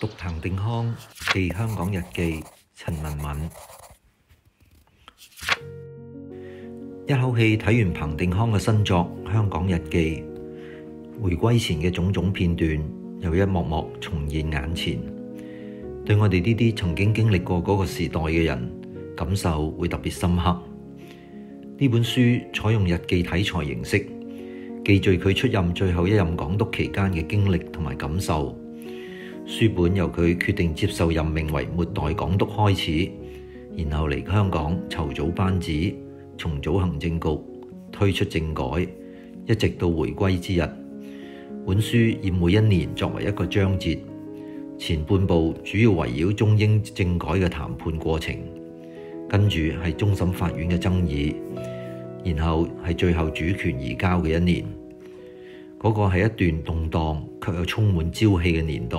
讀彭定康《記香港日記》，陳文敏。一口氣睇完彭定康嘅新作《香港日記》，回歸前嘅種種片段，又一幕幕重現眼前，對我哋呢啲曾經經歷過嗰個時代嘅人，感受會特別深刻。呢本書採用日記體裁形式，記敘佢出任最後一任港督期間嘅經歷同埋感受。書本由佢決定接受任命為末代港督開始，然後嚟香港籌組班子、重組行政局、推出政改，一直到回歸之日。本書以每一年作為一個章節，前半部主要圍繞中英政改嘅談判過程，跟住係終審法院嘅爭議，然後係最後主權移交嘅一年。嗰個係一段動盪卻又充滿朝氣嘅年代。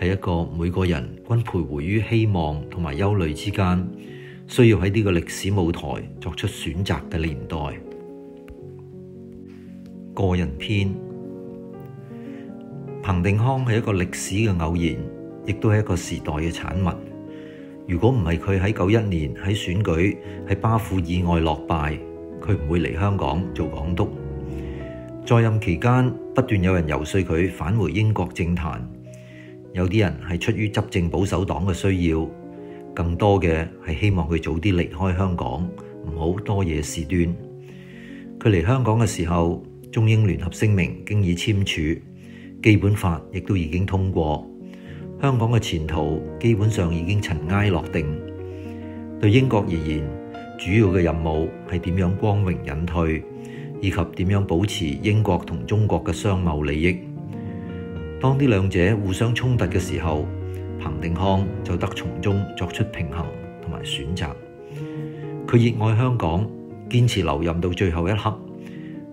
係一個每個人均徘徊於希望同埋憂慮之間，需要喺呢個歷史舞台作出選擇嘅年代。個人篇，彭定康係一個歷史嘅偶然，亦都係一個時代嘅產物。如果唔係佢喺九一年喺選舉喺巴富意外落敗，佢唔會嚟香港做港督。在任期間，不斷有人遊說佢返回英國政壇。有啲人係出於執政保守黨嘅需要，更多嘅係希望佢早啲離開香港，唔好多嘢事端。佢嚟香港嘅時候，中英聯合聲明經已簽署，基本法亦都已經通過，香港嘅前途基本上已經塵埃落定。對英國而言，主要嘅任務係點樣光榮隱退，以及點樣保持英國同中國嘅商貿利益。當呢兩者互相衝突嘅時候，彭定康就得從中作出平衡同埋選擇。佢熱愛香港，堅持留任到最後一刻，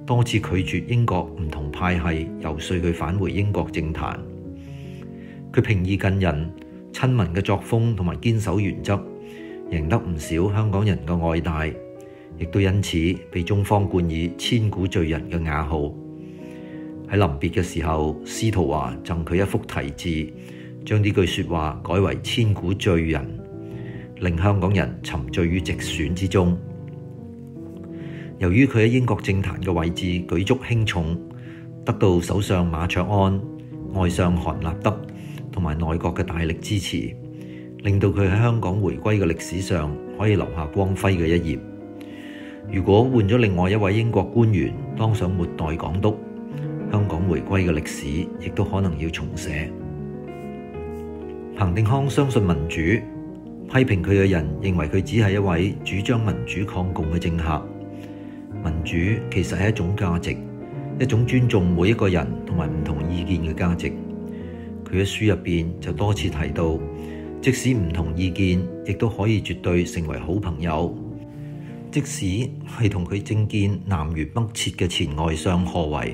多次拒絕英國唔同派系遊說佢返回英國政壇。佢平易近人、親民嘅作風同埋堅守原則，贏得唔少香港人嘅愛戴，亦都因此被中方冠以千古罪人嘅雅號。喺臨別嘅時候，司徒華贈佢一幅題字，將呢句説話改為千古罪人，令香港人沉醉於直選之中。由於佢喺英國政壇嘅位置舉足輕重，得到首相馬卓安、外相韓立德同埋內閣嘅大力支持，令到佢喺香港回歸嘅歷史上可以留下光輝嘅一頁。如果換咗另外一位英國官員當上末代港督，香港回歸嘅歷史亦都可能要重寫。彭定康相信民主，批評佢嘅人認為佢只係一位主張民主抗共嘅政客。民主其實係一種價值，一種尊重每一個人同埋唔同意見嘅價值。佢喺書入邊就多次提到，即使唔同意見，亦都可以絕對成為好朋友。即使係同佢政見南轅北轍嘅前外相賀維。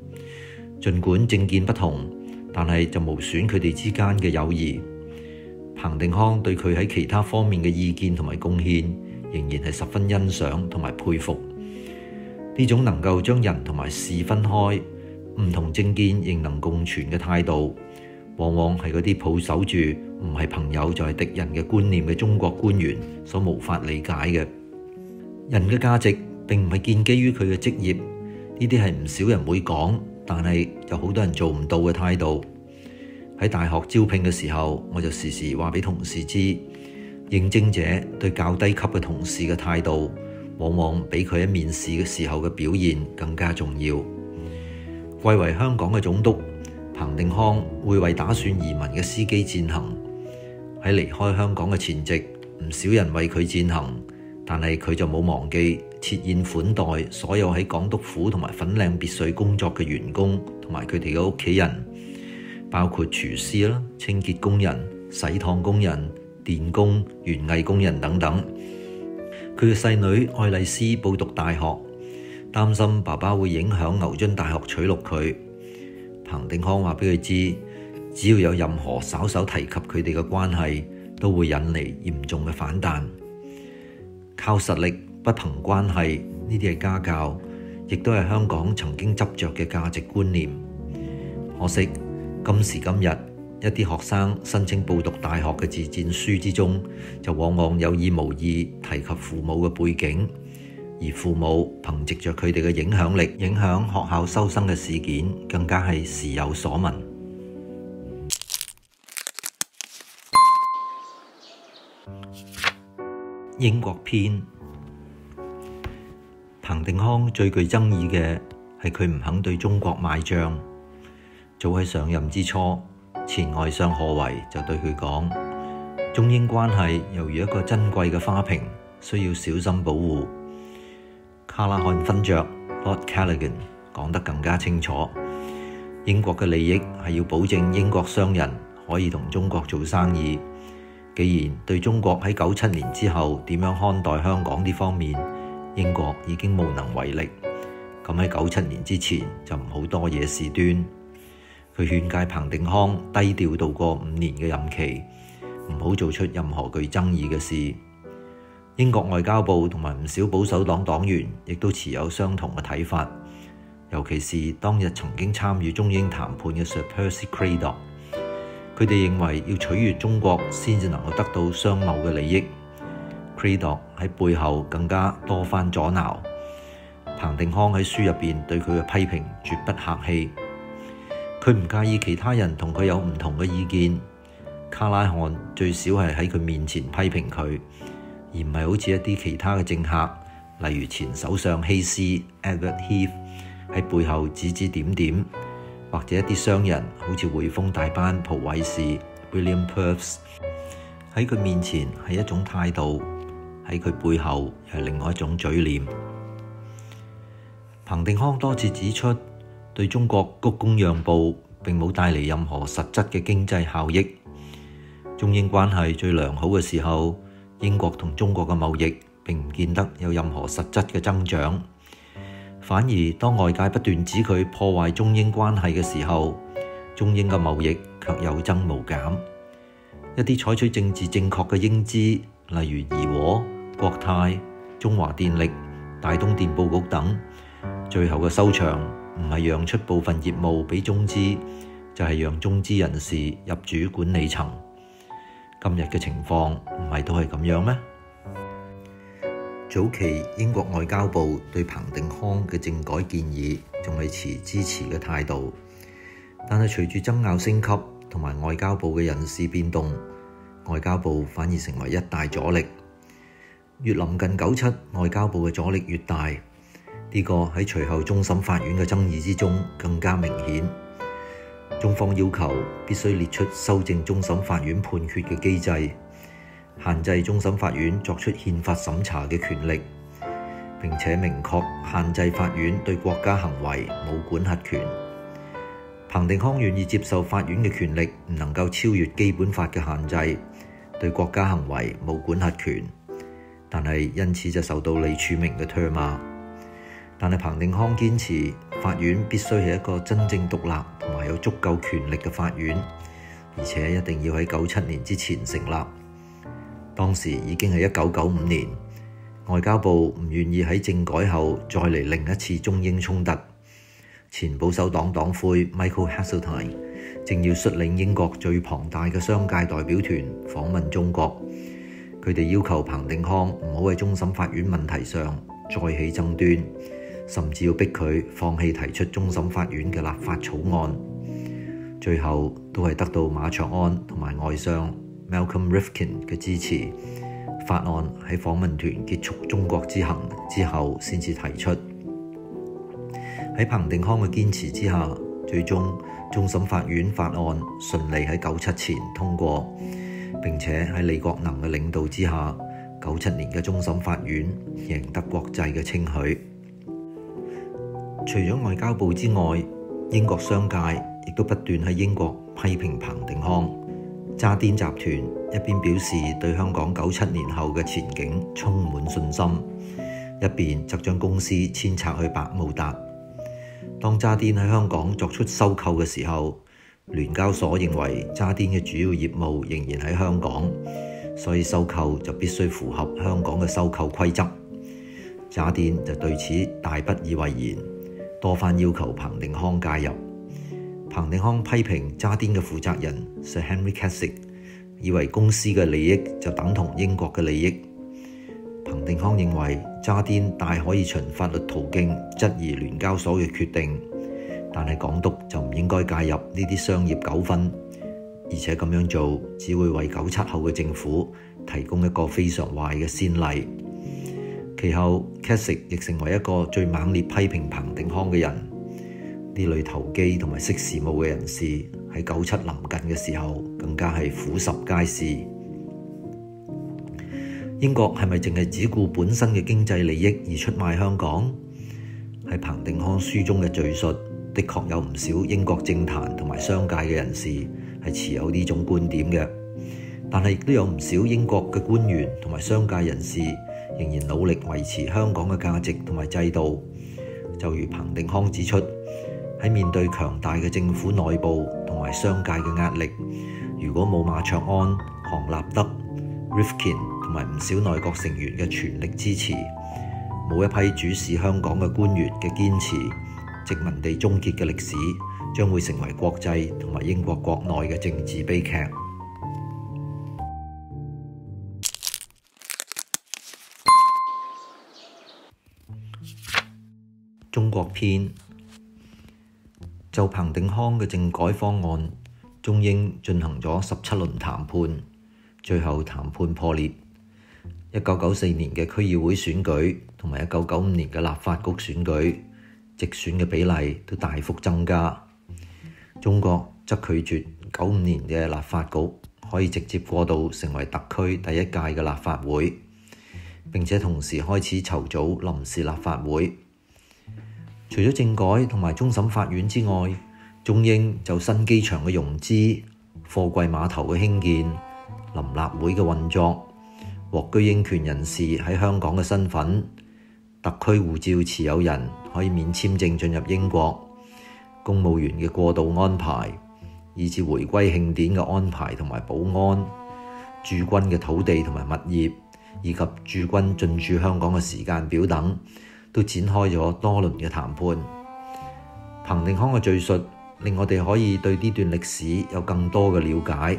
盡管政見不同，但係就無損佢哋之間嘅友誼。彭定康對佢喺其他方面嘅意見同埋貢獻，仍然係十分欣賞同埋佩服。呢種能夠將人同埋事分開，唔同政見仍能共存嘅態度，往往係嗰啲抱守住唔係朋友就係敵人嘅觀念嘅中國官員所無法理解嘅。人嘅價值並唔係建基於佢嘅職業，呢啲係唔少人會講。但係有好多人做唔到嘅態度，喺大學招聘嘅時候，我就時時話俾同事知，應徵者對較低級嘅同事嘅態度，往往比佢喺面試嘅時候嘅表現更加重要。貴為香港嘅總督，彭定康會為打算移民嘅司機餞行，喺離開香港嘅前夕，唔少人為佢餞行，但係佢就冇忘記。設宴款待所有喺港督府同埋粉嶺別墅工作嘅員工同埋佢哋嘅屋企人，包括廚師啦、清潔工人、洗燙工人、電工、園藝工人等等。佢嘅細女愛麗絲報讀大學，擔心爸爸會影響牛津大學取錄佢。彭定康話俾佢知，只要有任何稍稍提及佢哋嘅關係，都會引嚟嚴重嘅反彈。靠實力。不同關係，呢啲係家教，亦都係香港曾經執着嘅價值觀念。可惜今時今日，一啲學生申請報讀大學嘅自薦書之中，就往往有意無意提及父母嘅背景，而父母憑藉着佢哋嘅影響力，影響學校收生嘅事件，更加係時有所聞。英國篇。彭定康最具爭議嘅係佢唔肯對中國賣賬。早喺上任之初，前外相賀維就對佢講，中英關係猶如一個珍貴嘅花瓶，需要小心保護。卡拉漢勳爵 （Lord Callaghan） 講得更加清楚：英國嘅利益係要保證英國商人可以同中國做生意。既然對中國喺九七年之後點樣看待香港呢方面，英國已經無能為力，咁喺九七年之前就唔好多惹事端。佢勸誡彭定康低調度過五年嘅任期，唔好做出任何具爭議嘅事。英國外交部同埋唔少保守黨黨員亦都持有相同嘅睇法，尤其是當日曾經參與中英談判嘅 Sir Percy Cradock。佢哋認為要取悅中國先至能夠得到商貿嘅利益。喺背後更加多番阻撓。彭定康喺書入邊對佢嘅批評絕不客氣，佢唔介意其他人同佢有唔同嘅意見。卡拉漢最少係喺佢面前批評佢，而唔係好似一啲其他嘅政客，例如前首相希斯 （Edward Heath） 喺背後指指點點，或者一啲商人，好似匯豐大班浦偉士 （William Purves） 喺佢面前係一種態度。喺佢背後係另外一種嘴臉。彭定康多次指出，對中國鞠躬讓步，並冇帶嚟任何實質嘅經濟效益。中英關係最良好嘅時候，英國同中國嘅貿易並唔見得有任何實質嘅增長。反而當外界不斷指佢破壞中英關係嘅時候，中英嘅貿易卻有增無減。一啲採取政治正確嘅英資，例如怡和、國泰、中華電力、大東電報局等，最後嘅收場唔係讓出部分業務俾中資，就係讓中資人士入主管理層。今日嘅情況唔係都係咁樣咩？早期英國外交部對彭定康嘅政改建議仲係持支持嘅態度，但係隨住爭拗升級同埋外交部嘅人事變動，外交部反而成為一大阻力。越臨近九七，外交部嘅阻力越大。呢、這個喺隨後終審法院嘅爭議之中更加明顯。中方要求必須列出修正終審法院判決嘅機制，限制終審法院作出憲法審查嘅權力，並且明確限制法院對國家行為冇管轄權。彭定康願意接受法院嘅權力唔能夠超越基本法嘅限制，對國家行為冇管轄權。但係因此就受到李柱銘嘅唾罵，但係彭定康堅持法院必須係一個真正獨立同埋有足夠權力嘅法院，而且一定要喺九七年之前成立。當時已經係一九九五年，外交部唔願意喺政改後再嚟另一次中英衝突。前保守黨黨魁 Michael Heseltine 正要率領英國最龐大嘅商界代表團訪問中國。佢哋要求彭定康唔好喺終審法院問題上再起爭端，甚至要逼佢放棄提出終審法院嘅立法草案。最後都係得到馬卓安同埋外相 Malcolm Rifkind 嘅支持，法案喺訪問團結束中國之行之後先至提出。喺彭定康嘅堅持之下，最終終審法院法案順利喺九七前通過。並且喺李國能嘅領導之下，九七年嘅終審法院贏得國際嘅稱許。除咗外交部之外，英國商界亦都不斷喺英國批評彭定康。渣甸集團一邊表示對香港九七年後嘅前景充滿信心，一邊則將公司遷冊去百慕達。當渣甸喺香港作出收購嘅時候，聯交所認為渣甸嘅主要業務仍然喺香港，所以收購就必須符合香港嘅收購規則。渣甸就對此大不以為然，多番要求彭定康介入。彭定康批評渣甸嘅負責人 Sir Henry Keswick 以為公司嘅利益就等同英國嘅利益。彭定康認為渣甸大可以循法律途徑質疑聯交所嘅決定。但係港督就唔應該介入呢啲商業糾紛，而且咁樣做只會為九七後嘅政府提供一個非常壞嘅先例。其後，Cassick 亦成為一個最猛烈批評彭定康嘅人。呢類投機同埋識時務嘅人士喺九七臨近嘅時候，更加係俯拾皆是。英國係咪淨係只顧本身嘅經濟利益而出賣香港？係彭定康書中嘅敘述。的確有唔少英國政壇同埋商界嘅人士係持有呢種觀點嘅，但係亦都有唔少英國嘅官員同埋商界人士仍然努力維持香港嘅價值同埋制度。就如彭定康指出，喺面對強大嘅政府內部同埋商界嘅壓力，如果冇馬卓安、韓立德、Rifkin 同埋唔少內閣成員嘅全力支持，冇一批主事香港嘅官員嘅堅持。殖民地終結嘅歷史將會成為國際同埋英國國內嘅政治悲劇。中國篇，就彭定康嘅政改方案，中英進行咗十七輪談判，最後談判破裂。一九九四年嘅區議會選舉同埋一九九五年嘅立法局選舉。直選嘅比例都大幅增加，中國則拒絕九五年嘅立法局可以直接過渡成為特區第一屆嘅立法會，並且同時開始籌組臨時立法會。除咗政改同埋終審法院之外，中英就新機場嘅融資、貨櫃碼頭嘅興建、臨立會嘅運作、獲居英權人士喺香港嘅身份、特區護照持有人，可以免簽證進入英國，公務員嘅過渡安排，以至回歸慶典嘅安排同埋保安駐軍嘅土地同埋物業，以及駐軍進駐香港嘅時間表等，都展開咗多輪嘅談判。彭定康嘅敘述令我哋可以對呢段歷史有更多嘅了解。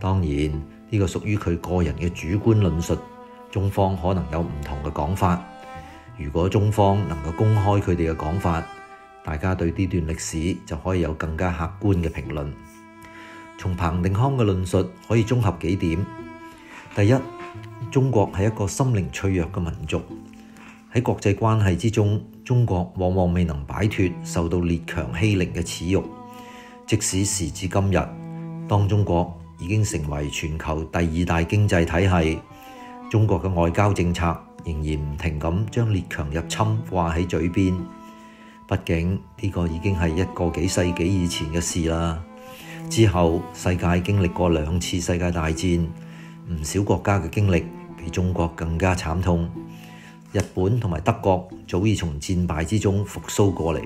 當然，呢個屬於佢個人嘅主觀論述，中方可能有唔同嘅講法。如果中方能夠公開佢哋嘅講法，大家對呢段歷史就可以有更加客觀嘅評論。從彭定康嘅論述可以綜合幾點：第一，中國係一個心靈脆弱嘅民族，喺國際關係之中，中國往往未能擺脫受到列強欺凌嘅恥辱。即使時至今日，當中國已經成為全球第二大經濟體系，中國嘅外交政策，仍然唔停咁將列強入侵掛喺嘴邊，畢竟呢個已經係一個幾世紀以前嘅事啦。之後世界經歷過兩次世界大戰，唔少國家嘅經歷比中國更加慘痛。日本同埋德國早已從戰敗之中復甦過嚟，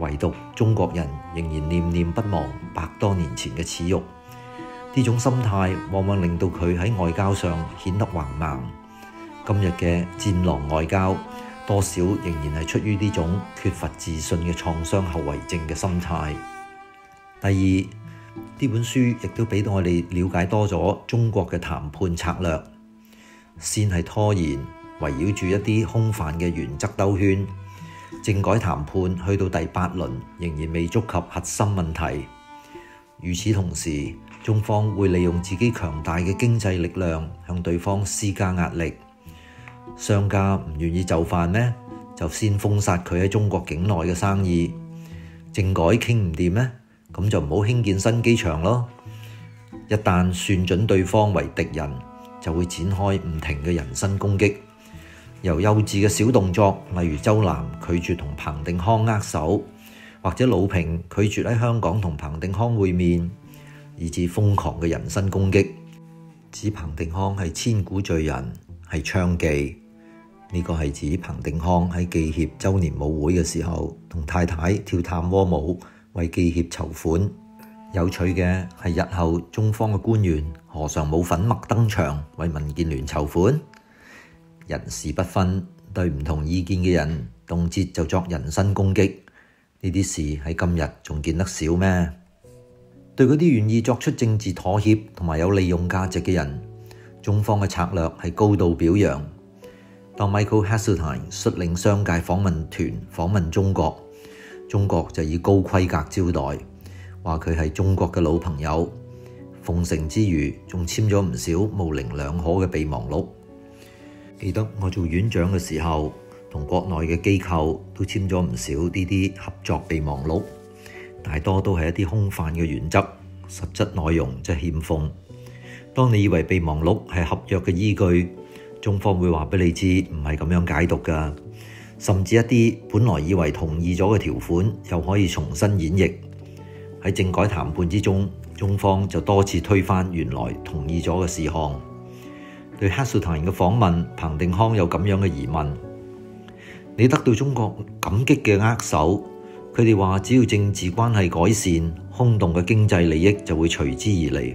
唯獨中國人仍然念念不忘百多年前嘅恥辱。呢種心態往往令到佢喺外交上顯得橫蠻。今日嘅戰狼外交，多少仍然係出於呢種缺乏自信嘅創傷後遺症嘅心態。第二，呢本書亦都俾到我哋了解多咗中國嘅談判策略，先係拖延，圍繞住一啲空泛嘅原則兜圈。政改談判去到第八輪，仍然未觸及核心問題。與此同時，中方會利用自己強大嘅經濟力量向對方施加壓力。商家唔願意就範咩？就先封殺佢喺中國境內嘅生意。政改傾唔掂咩？咁就唔好興建新機場咯。一旦算準對方為敵人，就會展開唔停嘅人身攻擊，由幼稚嘅小動作，例如周南拒絕同彭定康握手，或者魯平拒絕喺香港同彭定康會面，以致瘋狂嘅人身攻擊，指彭定康係千古罪人，係娼妓，呢個係指彭定康喺記協周年舞會嘅時候，同太太跳探戈舞為記協籌款。有趣嘅係日後中方嘅官員何嘗冇粉墨登場為民建聯籌款？人事不分，對唔同意見嘅人動輒就作人身攻擊，呢啲事喺今日仲見得少咩？對嗰啲願意作出政治妥協同埋有利用價值嘅人。中方嘅策略係高度表揚。當 Michael Heseltine 率領商界訪問團訪問中國，中國就以高規格招待，話佢係中國嘅老朋友。奉承之餘，仲簽咗唔少模棱兩可嘅備忘錄。記得我做院長嘅時候，同國內嘅機構都簽咗唔少呢啲合作備忘錄，大多都係一啲空泛嘅原則，實質內容即係欠奉。當你以為備忘錄係合約嘅依據，中方會話俾你知唔係咁樣解讀㗎。甚至一啲本來以為同意咗嘅條款，又可以重新演繹。喺政改談判之中，中方就多次推翻原來同意咗嘅事項。對哈蘇唐人嘅訪問，彭定康有咁樣嘅疑問：你得到中國感激嘅握手，佢哋話只要政治關係改善，空洞嘅經濟利益就會隨之而嚟。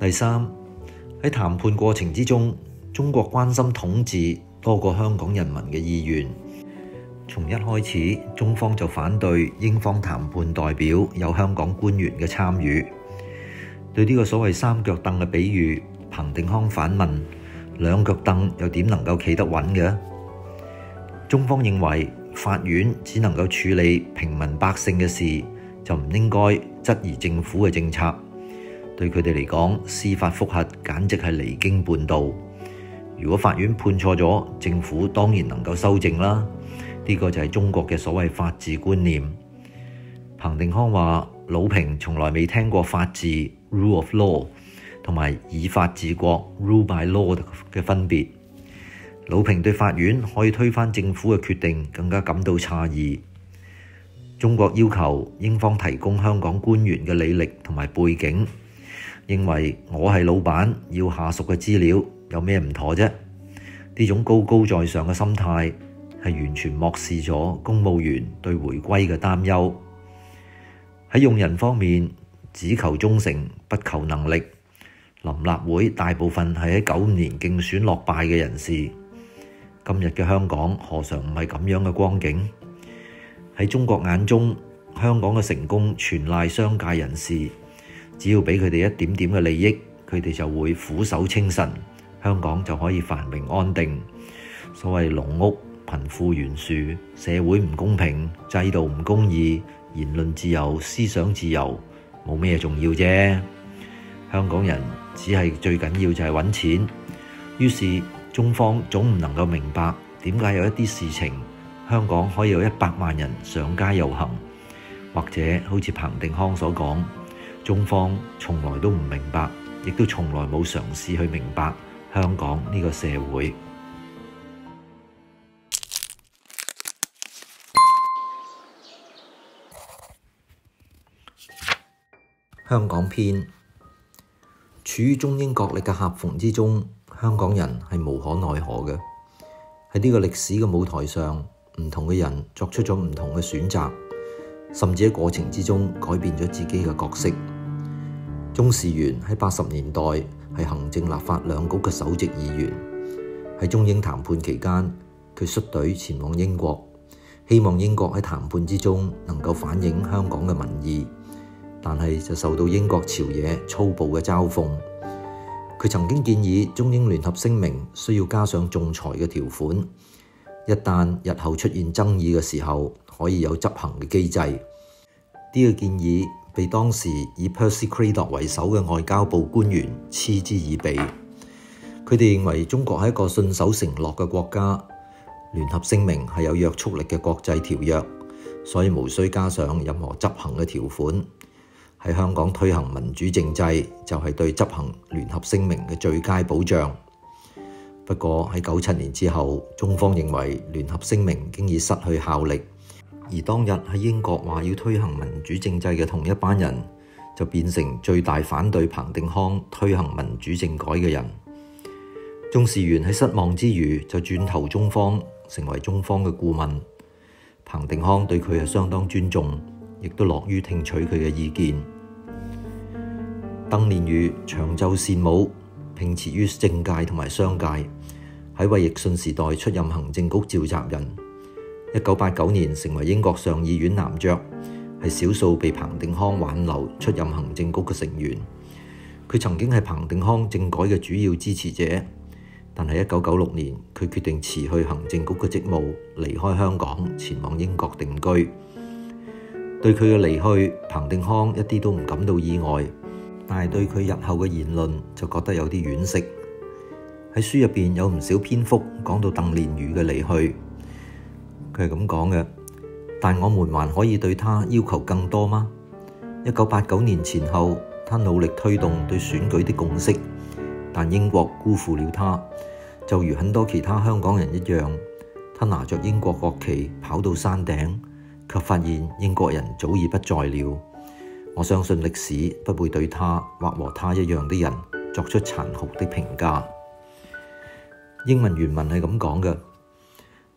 第三，喺談判過程之中，中國關心統治多過香港人民嘅意願。從一開始，中方就反對英方談判代表有香港官員嘅參與。對呢個所謂三腳凳嘅比喻，彭定康反問：兩腳凳又點能夠企得穩嘅？中方認為法院只能夠處理平民百姓嘅事，就唔應該質疑政府嘅政策。對佢哋嚟講，司法覆核簡直係離經叛道。如果法院判錯咗，政府當然能夠修正啦。呢、這個就係中國嘅所謂法治觀念。彭定康話：老平從來未聽過法治 （rule of law） 同埋以法治國 （rule by law） 嘅分別。老平對法院可以推翻政府嘅決定，更加感到詫異。中國要求英方提供香港官員嘅履歷同埋背景。認為我係老闆，要下屬嘅資料有咩唔妥啫？呢種高高在上嘅心態係完全漠視咗公務員對回歸嘅擔憂。喺用人方面，只求忠誠，不求能力。臨立會大部分係喺九五年競選落敗嘅人士。今日嘅香港何嘗唔係咁樣嘅光景？喺中國眼中，香港嘅成功全賴商界人士。只要俾佢哋一點點嘅利益，佢哋就會俯首稱臣，香港就可以繁榮安定。所謂農屋貧富懸殊，社會唔公平，制度唔公義，言論自由、思想自由冇咩重要啫。香港人只係最緊要就係揾錢，於是中方總唔能夠明白點解有一啲事情香港可以有一百萬人上街遊行，或者好似彭定康所講。中方從來都唔明白，亦都從來冇嘗試去明白香港呢個社會。香港篇，處於中英角力嘅夾縫之中，香港人係無可奈何嘅。喺呢個歷史嘅舞台上，唔同嘅人作出咗唔同嘅選擇。甚至喺過程之中改變咗自己嘅角色。鍾士元喺八十年代係行政立法兩局嘅首席議員，喺中英談判期間，佢率隊前往英國，希望英國喺談判之中能夠反映香港嘅民意，但係就受到英國朝野粗暴嘅嘲諷。佢曾經建議中英聯合聲明需要加上仲裁嘅條款，一旦日後出現爭議嘅時候，可以有執行嘅機制，呢個建議被當時以 Percy Cradock 為首嘅外交部官員嗤之以鼻。佢哋認為中國係一個信守承諾嘅國家，聯合聲明係有約束力嘅國際條約，所以無需加上任何執行嘅條款。喺香港推行民主政制就係對執行聯合聲明嘅最佳保障。不過喺九七年之後，中方認為聯合聲明經已失去效力。而當日喺英國話要推行民主政制嘅同一班人，就變成最大反對彭定康推行民主政改嘅人。鍾士元喺失望之餘，就轉投中方，成為中方嘅顧問。彭定康對佢係相當尊重，亦都樂於聽取佢嘅意見。鄧蓮如長袖善舞，拼持於政界同埋商界，喺衛奕信時代出任行政局召集人。一九八九年成為英國上議院男爵，係少數被彭定康挽留，出任行政局嘅成員。佢曾經係彭定康政改嘅主要支持者，但係一九九六年佢決定辭去行政局嘅職務，離開香港前往英國定居。對佢嘅離去，彭定康一啲都唔感到意外，但係對佢日後嘅言論就覺得有啲惋惜。喺書入邊有唔少篇幅講到鄧蓮如嘅離去。佢係咁講嘅，但我們還可以對他要求更多嗎？一九八九年前後，他努力推動對選舉的共識，但英國辜負了他。就如很多其他香港人一樣，他拿着英國國旗跑到山頂，卻發現英國人早已不在了。我相信歷史不會對他或和他一樣的人作出殘酷的評價。英文原文係咁講嘅。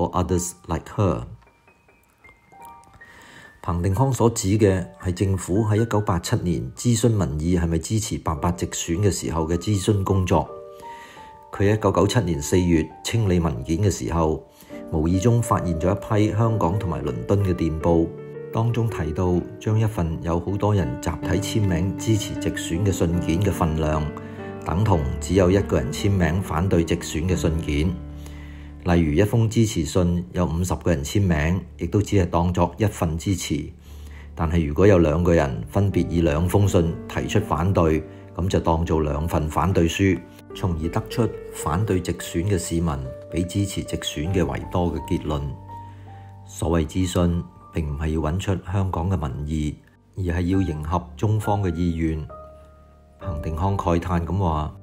或 others like her，彭定康所指嘅係政府喺一九八七年諮詢民意係咪支持八八直選嘅時候嘅諮詢工作。佢喺一九九七年四月清理文件嘅時候，無意中發現咗一批香港同埋倫敦嘅電報，當中提到將一份有好多人集體簽名支持直選嘅信件嘅份量，等同只有一個人簽名反對直選嘅信件。例如一封支持信有五十個人簽名，亦都只係當作一份支持。但係如果有兩個人分別以兩封信提出反對，咁就當做兩份反對書，從而得出反對直選嘅市民比支持直選嘅為多嘅結論。所謂諮詢，並唔係要搵出香港嘅民意，而係要迎合中方嘅意願。彭定康慨嘆咁話。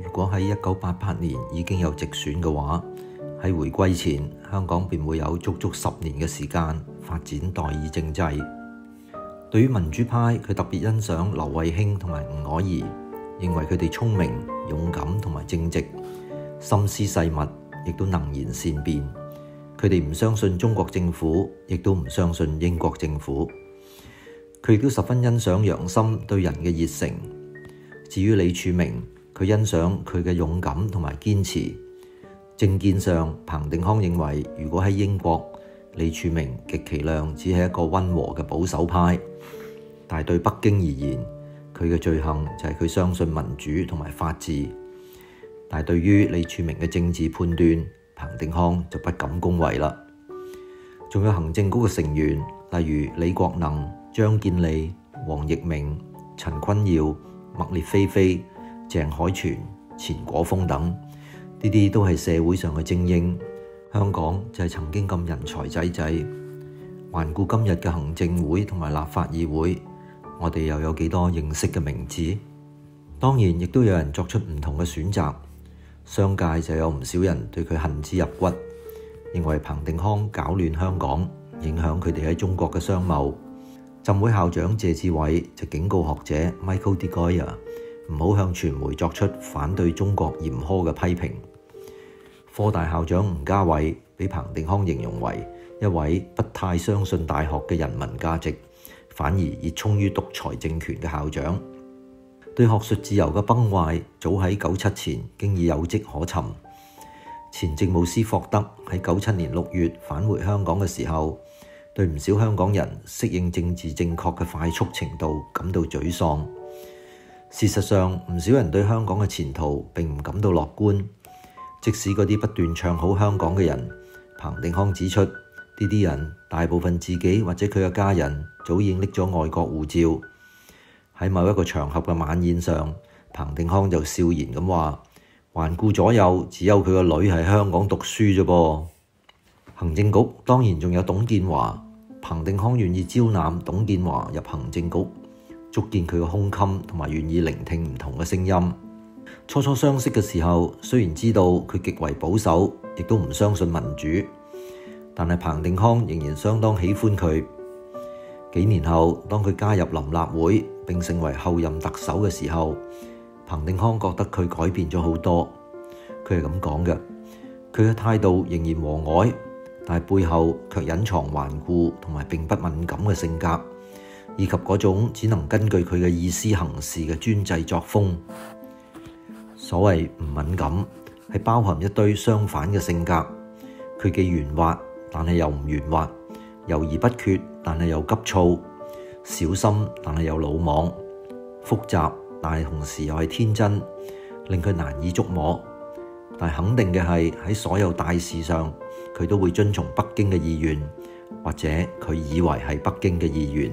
如果喺一九八八年已經有直選嘅話，喺回歸前香港便會有足足十年嘅時間發展代議政制。對於民主派，佢特別欣賞劉慧卿同埋吳靄儀，認為佢哋聰明、勇敢同埋正直，心思細密，亦都能言善辯。佢哋唔相信中國政府，亦都唔相信英國政府。佢亦都十分欣賞楊森對人嘅熱誠。至於李柱銘，去欣賞佢嘅勇敢同埋堅持。政見上，彭定康認為如果喺英國，李柱銘極其量只係一個温和嘅保守派，但係對北京而言，佢嘅罪行就係佢相信民主同埋法治。但係對於李柱銘嘅政治判斷，彭定康就不敢恭維啦。仲有行政局嘅成員，例如李國能、張建利、黃奕明、陳坤耀、麥列菲菲。鄭海泉、錢果峰等，呢啲都係社會上嘅精英。香港就係曾經咁人才濟濟，環顧今日嘅行政會同埋立法議會，我哋又有幾多認識嘅名字？當然，亦都有人作出唔同嘅選擇。商界就有唔少人對佢恨之入骨，認為彭定康搞亂香港，影響佢哋喺中國嘅商貿。浸會校長謝志偉就警告學者 Michael DeGolyer。唔好向傳媒作出反對中國嚴苛嘅批評。科大校長吳家偉被彭定康形容為一位不太相信大學嘅人民價值，反而熱衷於獨裁政權嘅校長。對學術自由嘅崩壞，早喺九七前經已有跡可尋。前政務司霍德喺九七年六月返回香港嘅時候，對唔少香港人適應政治正確嘅快速程度感到沮喪。事實上，唔少人對香港嘅前途並唔感到樂觀。即使嗰啲不斷唱好香港嘅人，彭定康指出，呢啲人大部分自己或者佢嘅家人早已經拎咗外國護照。喺某一個場合嘅晚宴上，彭定康就笑言咁話：「環顧左右，只有佢個女喺香港讀書啫噃」。行政局當然仲有董建華，彭定康願意招攬董建華入行政局。足見佢嘅胸襟同埋願意聆聽唔同嘅聲音。初初相識嘅時候，雖然知道佢極為保守，亦都唔相信民主，但係彭定康仍然相當喜歡佢。幾年後，當佢加入臨立會並成為後任特首嘅時候，彭定康覺得佢改變咗好多。佢係咁講嘅：佢嘅態度仍然和藹，但係背後卻隱藏頑固同埋並不敏感嘅性格。以及嗰種只能根據佢嘅意思行事嘅專制作風。所謂唔敏感係包含一堆相反嘅性格。佢既圓滑，但係又唔圓滑；猶豫不決，但係又急躁；小心，但係又魯莽；複雜，但係同時又係天真，令佢難以捉摸。但係肯定嘅係喺所有大事上，佢都會遵從北京嘅意願，或者佢以為係北京嘅意願。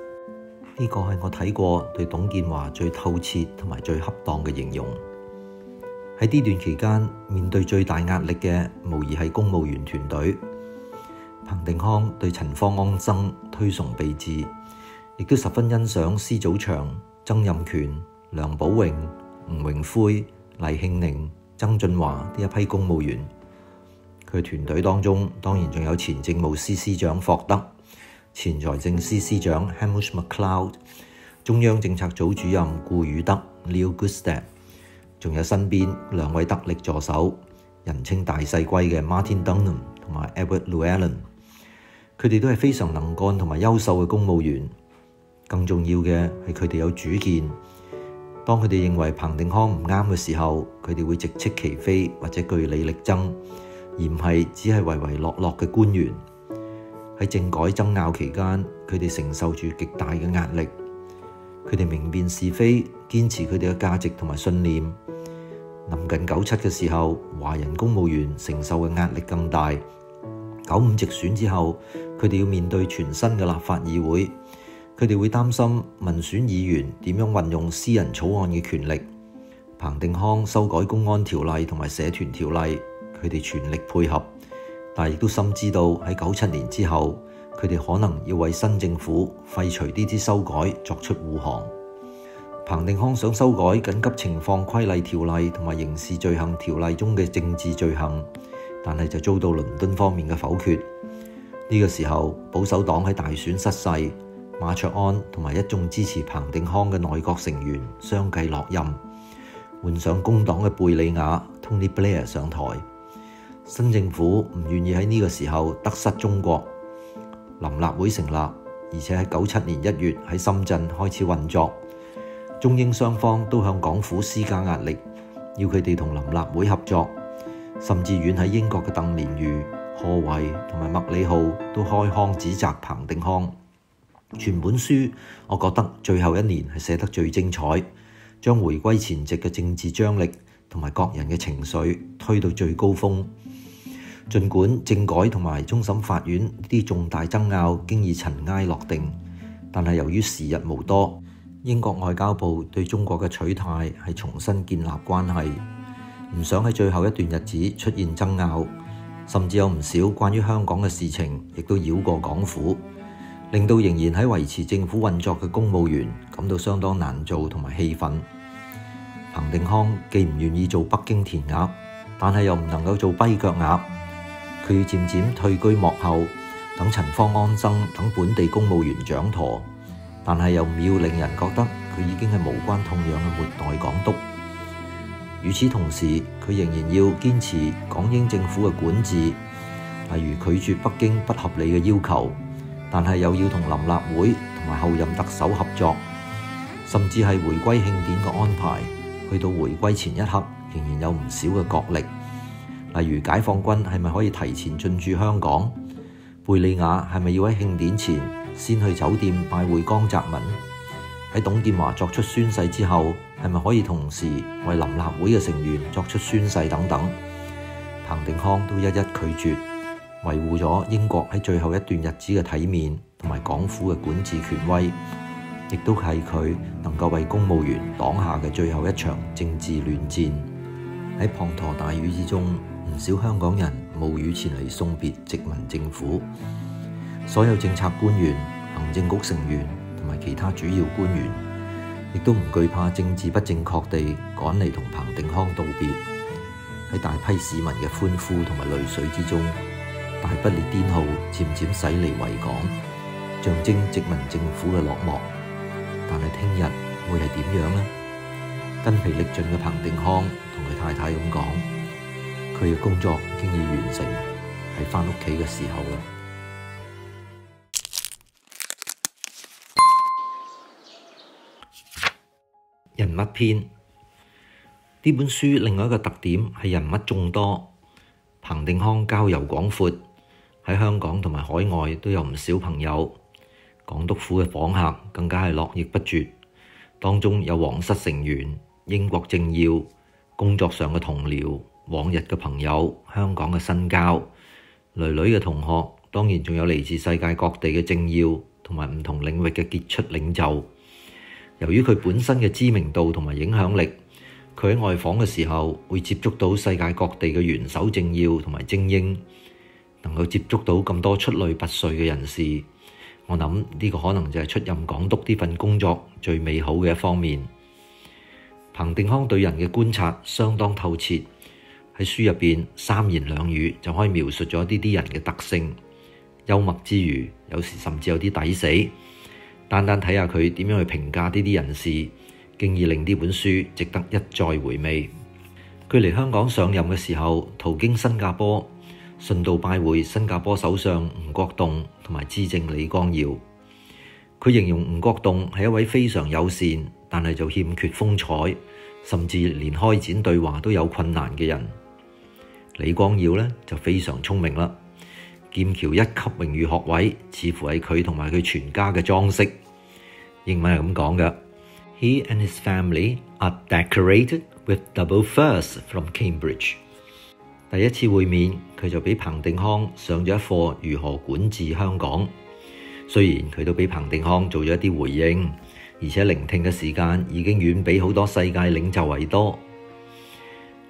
呢個係我睇過對董建華最透徹同埋最恰當嘅形容。喺呢段期間，面對最大壓力嘅，無疑係公務員團隊。彭定康對陳方安生推崇備至，亦都十分欣賞施祖祥、曾蔭權、梁寶榮、吳榮奎、黎慶寧、曾俊華呢一批公務員。佢團隊當中，當然仲有前政務司司長霍德。前財政司司長 Hamish Macleod、中央政策組主任顧宇德 Leo Goodstad，仲有身邊兩位得力助手，人稱大細龜嘅 Martin Dunham 同埋 Edward Llewellyn，佢哋都係非常能幹同埋優秀嘅公務員。更重要嘅係佢哋有主見，當佢哋認為彭定康唔啱嘅時候，佢哋會直斥其非或者據理力爭，而唔係只係唯唯諾諾嘅官員。喺政改爭拗期間，佢哋承受住極大嘅壓力。佢哋明辨是非，堅持佢哋嘅價值同埋信念。臨近九七嘅時候，華人公務員承受嘅壓力更大。九五直選之後，佢哋要面對全新嘅立法議會，佢哋會擔心民選議員點樣運用私人草案嘅權力。彭定康修改公安條例同埋社團條例，佢哋全力配合。但亦都深知道喺九七年之後，佢哋可能要為新政府廢除呢啲修改作出護航。彭定康想修改緊急情況規例條例同埋刑事罪行條例中嘅政治罪行，但係就遭到倫敦方面嘅否決。呢個時候，保守黨喺大選失勢，馬卓安同埋一眾支持彭定康嘅內閣成員相繼落任，換上工黨嘅貝利亞 （Tony Blair） 上台。新政府唔願意喺呢個時候得失中國，臨立會成立，而且喺九七年一月喺深圳開始運作。中英雙方都向港府施加壓力，要佢哋同臨立會合作，甚至遠喺英國嘅鄧蓮如、賀維同埋麥理浩都開腔指責彭定康。全本書，我覺得最後一年係寫得最精彩，將回歸前夕嘅政治張力同埋各人嘅情緒推到最高峰。儘管政改同埋終審法院啲重大爭拗經已塵埃落定，但係由於時日無多，英國外交部對中國嘅取態係重新建立關係，唔想喺最後一段日子出現爭拗，甚至有唔少關於香港嘅事情亦都繞過港府，令到仍然喺維持政府運作嘅公務員感到相當難做同埋氣憤。彭定康既唔願意做北京填鴨，但係又唔能夠做跛腳鴨。佢漸漸退居幕後，等陳方安生等本地公務員掌舵，但係又唔要令人覺得佢已經係無關痛癢嘅末代港督。與此同時，佢仍然要堅持港英政府嘅管治，例如拒絕北京不合理嘅要求，但係又要同臨立會同埋後任特首合作，甚至係回歸慶典嘅安排，去到回歸前一刻，仍然有唔少嘅角力。例如，解放軍係咪可以提前進駐香港？貝理雅係咪要喺慶典前先去酒店拜會江澤民？喺董建華作出宣誓之後，係咪可以同時為臨立會嘅成員作出宣誓等等？彭定康都一一拒絕，維護咗英國喺最後一段日子嘅體面同埋港府嘅管治權威，亦都係佢能夠為公務員擋下嘅最後一場政治亂戰。喺滂沱大雨之中，唔少香港人冒雨前嚟送別殖民政府，所有政策官員、行政局成員同埋其他主要官員，亦都唔懼怕政治不正確地趕嚟同彭定康道別。喺大批市民嘅歡呼同埋淚水之中，大不列顛號漸漸駛離維港，象徵殖民政府嘅落幕。但係聽日會係點樣呢？筋疲力盡嘅彭定康同佢太太咁講。佢嘅工作經已完成，喺翻屋企嘅時候啦。人物篇，呢本書另外一個特點係人物眾多，彭定康交遊廣闊，喺香港同埋海外都有唔少朋友。港督府嘅訪客更加係絡繹不絕，當中有皇室成員、英國政要、工作上嘅同僚。往日嘅朋友、香港嘅新交、囡囡嘅同學，當然仲有嚟自世界各地嘅政要同埋唔同領域嘅傑出領袖。由於佢本身嘅知名度同埋影響力，佢喺外訪嘅時候會接觸到世界各地嘅元首政要同埋精英，能夠接觸到咁多出類拔萃嘅人士。我諗呢個可能就係出任港督呢份工作最美好嘅一方面。彭定康對人嘅觀察相當透徹。喺書入邊，三言兩語就可以描述咗呢啲人嘅特性，幽默之餘，有時甚至有啲抵死。單單睇下佢點樣去評價呢啲人士，經已令呢本書值得一再回味。佢嚟香港上任嘅時候，途經新加坡，順道拜會新加坡首相吳國棟同埋資政李光耀。佢形容吳國棟係一位非常友善，但係就欠缺風采，甚至連開展對話都有困難嘅人。李光耀呢，就非常聰明啦，劍橋一級榮譽學位似乎係佢同埋佢全家嘅裝飾，英文係咁講嘅。He and his family are decorated with double firsts from Cambridge。第一次會面，佢就俾彭定康上咗一課如何管治香港，雖然佢都俾彭定康做咗一啲回應，而且聆聽嘅時間已經遠比好多世界領袖為多。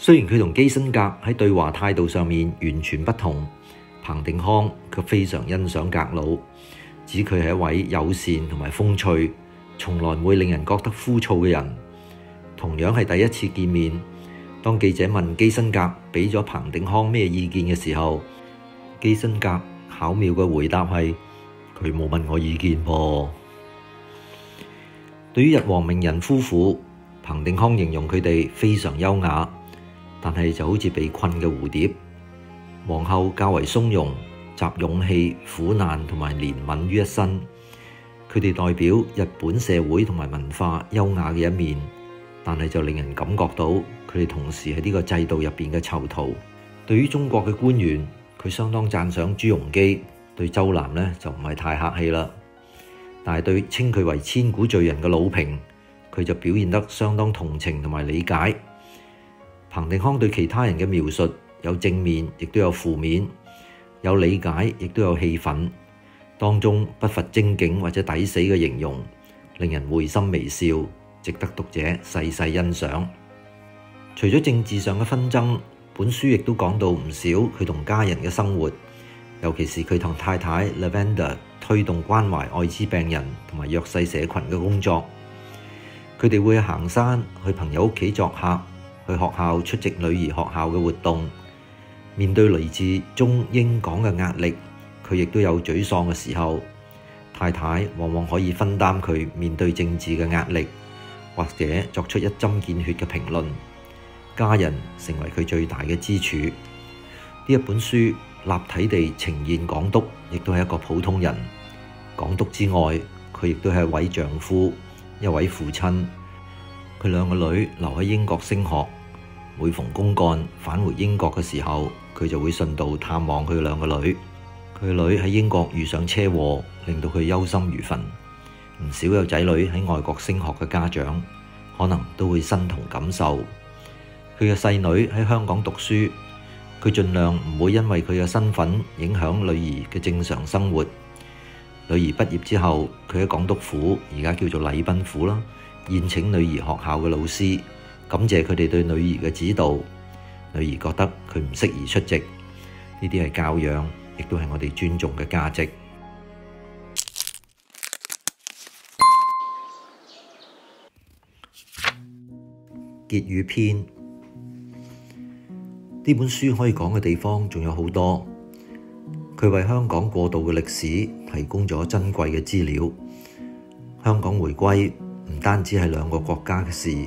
雖然佢同基辛格喺對話態度上面完全不同，彭定康卻非常欣賞格老，指佢係一位友善同埋風趣，從來唔會令人覺得枯燥嘅人。同樣係第一次見面，當記者問基辛格俾咗彭定康咩意見嘅時候，基辛格巧妙嘅回答係：佢冇問我意見噃。對於日皇明仁夫婦，彭定康形容佢哋非常優雅。但係就好似被困嘅蝴蝶，皇后較為鬆容，集勇氣、苦難同埋憐憫於一身。佢哋代表日本社會同埋文化優雅嘅一面，但係就令人感覺到佢哋同時喺呢個制度入面嘅囚徒。對於中國嘅官員，佢相當讚賞朱鎔基，對周南呢，就唔係太客氣了。但係對稱佢為千古罪人嘅魯平，佢就表現得相當同情同埋理解。彭定康對其他人嘅描述有正面，亦都有負面，有理解，亦都有氣憤，當中不乏精警或者抵死嘅形容，令人會心微笑，值得讀者細細欣賞。除咗政治上嘅紛爭，本書亦都講到唔少佢同家人嘅生活，尤其是佢同太太 Lavender 推動關懷愛滋病人同埋弱勢社群嘅工作，佢哋會去行山，去朋友屋企作客。去學校出席女兒學校嘅活動，面對來自中英港嘅壓力，佢亦都有沮喪嘅時候。太太往往可以分擔佢面對政治嘅壓力，或者作出一針見血嘅評論。家人成為佢最大嘅支柱。呢一本書立體地呈現港督，亦都係一個普通人。港督之外，佢亦都係一位丈夫、一位父親。佢兩個女留喺英國升學。每逢公幹返回英國嘅時候，佢就會順道探望佢兩個女。佢女喺英國遇上車禍，令到佢憂心如焚。唔少有仔女喺外國升學嘅家長，可能都會身同感受。佢嘅細女喺香港讀書，佢盡量唔會因為佢嘅身份影響女兒嘅正常生活。女兒畢業之後，佢喺港督府，而家叫做禮賓府啦，宴請女兒學校嘅老師。感謝佢哋對女兒嘅指導。女兒覺得佢唔適宜出席，呢啲係教養，亦都係我哋尊重嘅價值。結語篇：呢本書可以講嘅地方仲有好多，佢為香港過渡嘅歷史提供咗珍貴嘅資料。香港回歸唔單止係兩個國家嘅事。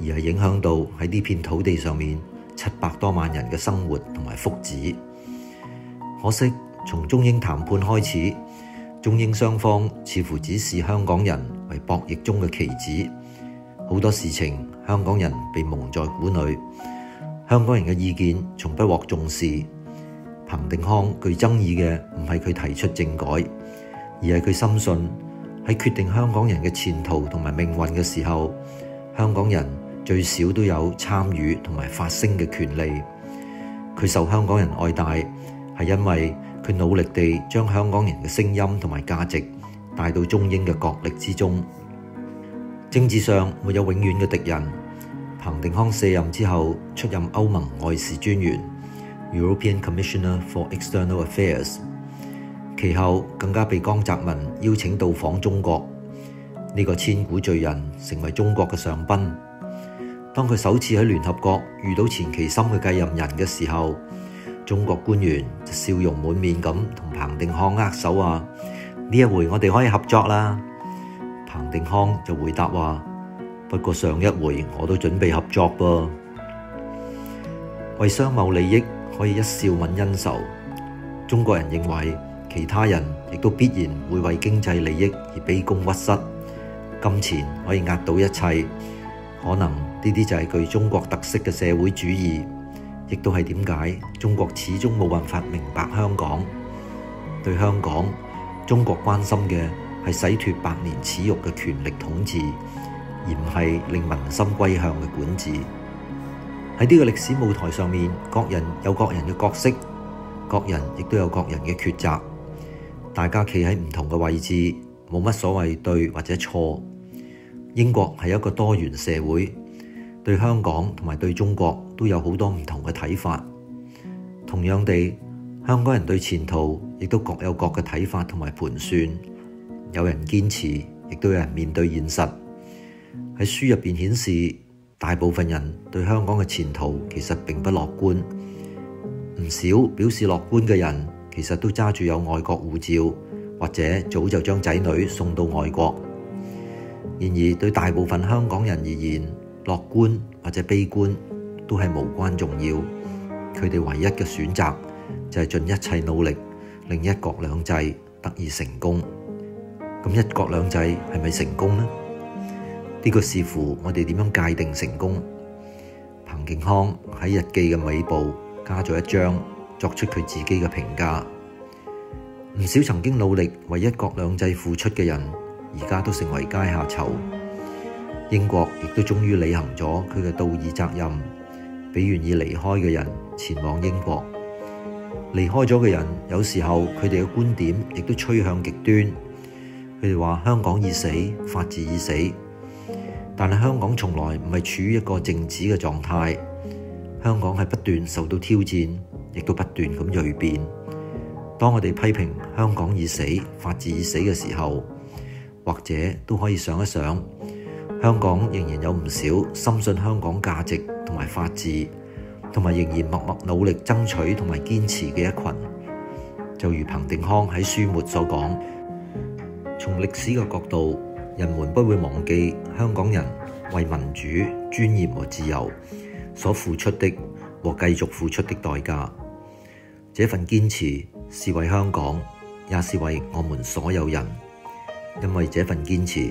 而係影響到喺呢片土地上面七百多萬人嘅生活同埋福祉。可惜從中英談判開始，中英雙方似乎只視香港人為博弈中嘅棋子。好多事情香港人被蒙在鼓裏，香港人嘅意見從不獲重視。彭定康具爭議嘅唔係佢提出政改，而係佢深信喺決定香港人嘅前途同埋命運嘅時候，香港人，最少都有參與同埋發聲嘅權利。佢受香港人愛戴係因為佢努力地將香港人嘅聲音同埋價值帶到中英嘅角力之中。政治上沒有永遠嘅敵人。彭定康卸任之後出任歐盟外事專員 （European Commissioner for External Affairs），其後更加被江澤民邀請到訪中國。呢個千古罪人成為中國嘅上賓。當佢首次喺聯合國遇到錢其琛嘅繼任人嘅時候，中國官員就笑容滿面咁同彭定康握手啊，呢一回我哋可以合作啦。彭定康就回答話：不過上一回我都準備合作噃，為商貿利益可以一笑泯恩仇。中國人認為其他人亦都必然會為經濟利益而卑躬屈膝，金錢可以壓倒一切，可能。呢啲就係具中國特色嘅社會主義，亦都係點解中國始終冇辦法明白香港。對香港，中國關心嘅係洗脫百年恥辱嘅權力統治，而唔係令民心歸向嘅管治。喺呢個歷史舞台上面，各人有各人嘅角色，各人亦都有各人嘅抉擇。大家企喺唔同嘅位置，冇乜所謂對或者錯。英國係一個多元社會。對香港同埋對中國都有好多唔同嘅睇法。同樣地，香港人對前途亦都各有各嘅睇法同埋盤算。有人堅持，亦都有人面對現實。喺書入面顯示，大部分人對香港嘅前途其實並不樂觀。唔少表示樂觀嘅人，其實都揸住有外國護照，或者早就將仔女送到外國。然而，對大部分香港人而言，樂觀或者悲觀都係無關重要，佢哋唯一嘅選擇就係盡一切努力令一國兩制得以成功。咁一國兩制係咪成功呢？呢個視乎我哋點樣界定成功。彭定康喺日記嘅尾部加咗一張，作出佢自己嘅評價。唔少曾經努力為一國兩制付出嘅人，而家都成為階下囚。英國亦都終於履行咗佢嘅道義責任，俾願意離開嘅人前往英國。離開咗嘅人，有時候佢哋嘅觀點亦都趨向極端。佢哋話香港已死，法治已死，但係香港從來唔係處於一個靜止嘅狀態。香港係不斷受到挑戰，亦都不斷咁鋭變。當我哋批評香港已死、法治已死嘅時候，或者都可以想一想。香港仍然有唔少深信香港價值同埋法治，同埋仍然默默努力爭取同埋堅持嘅一群，就如彭定康喺書末所講，從歷史嘅角度，人們不會忘記香港人為民主、尊嚴和自由所付出的和繼續付出的代價，這份堅持是為香港，也是為我們所有人。因為這份堅持。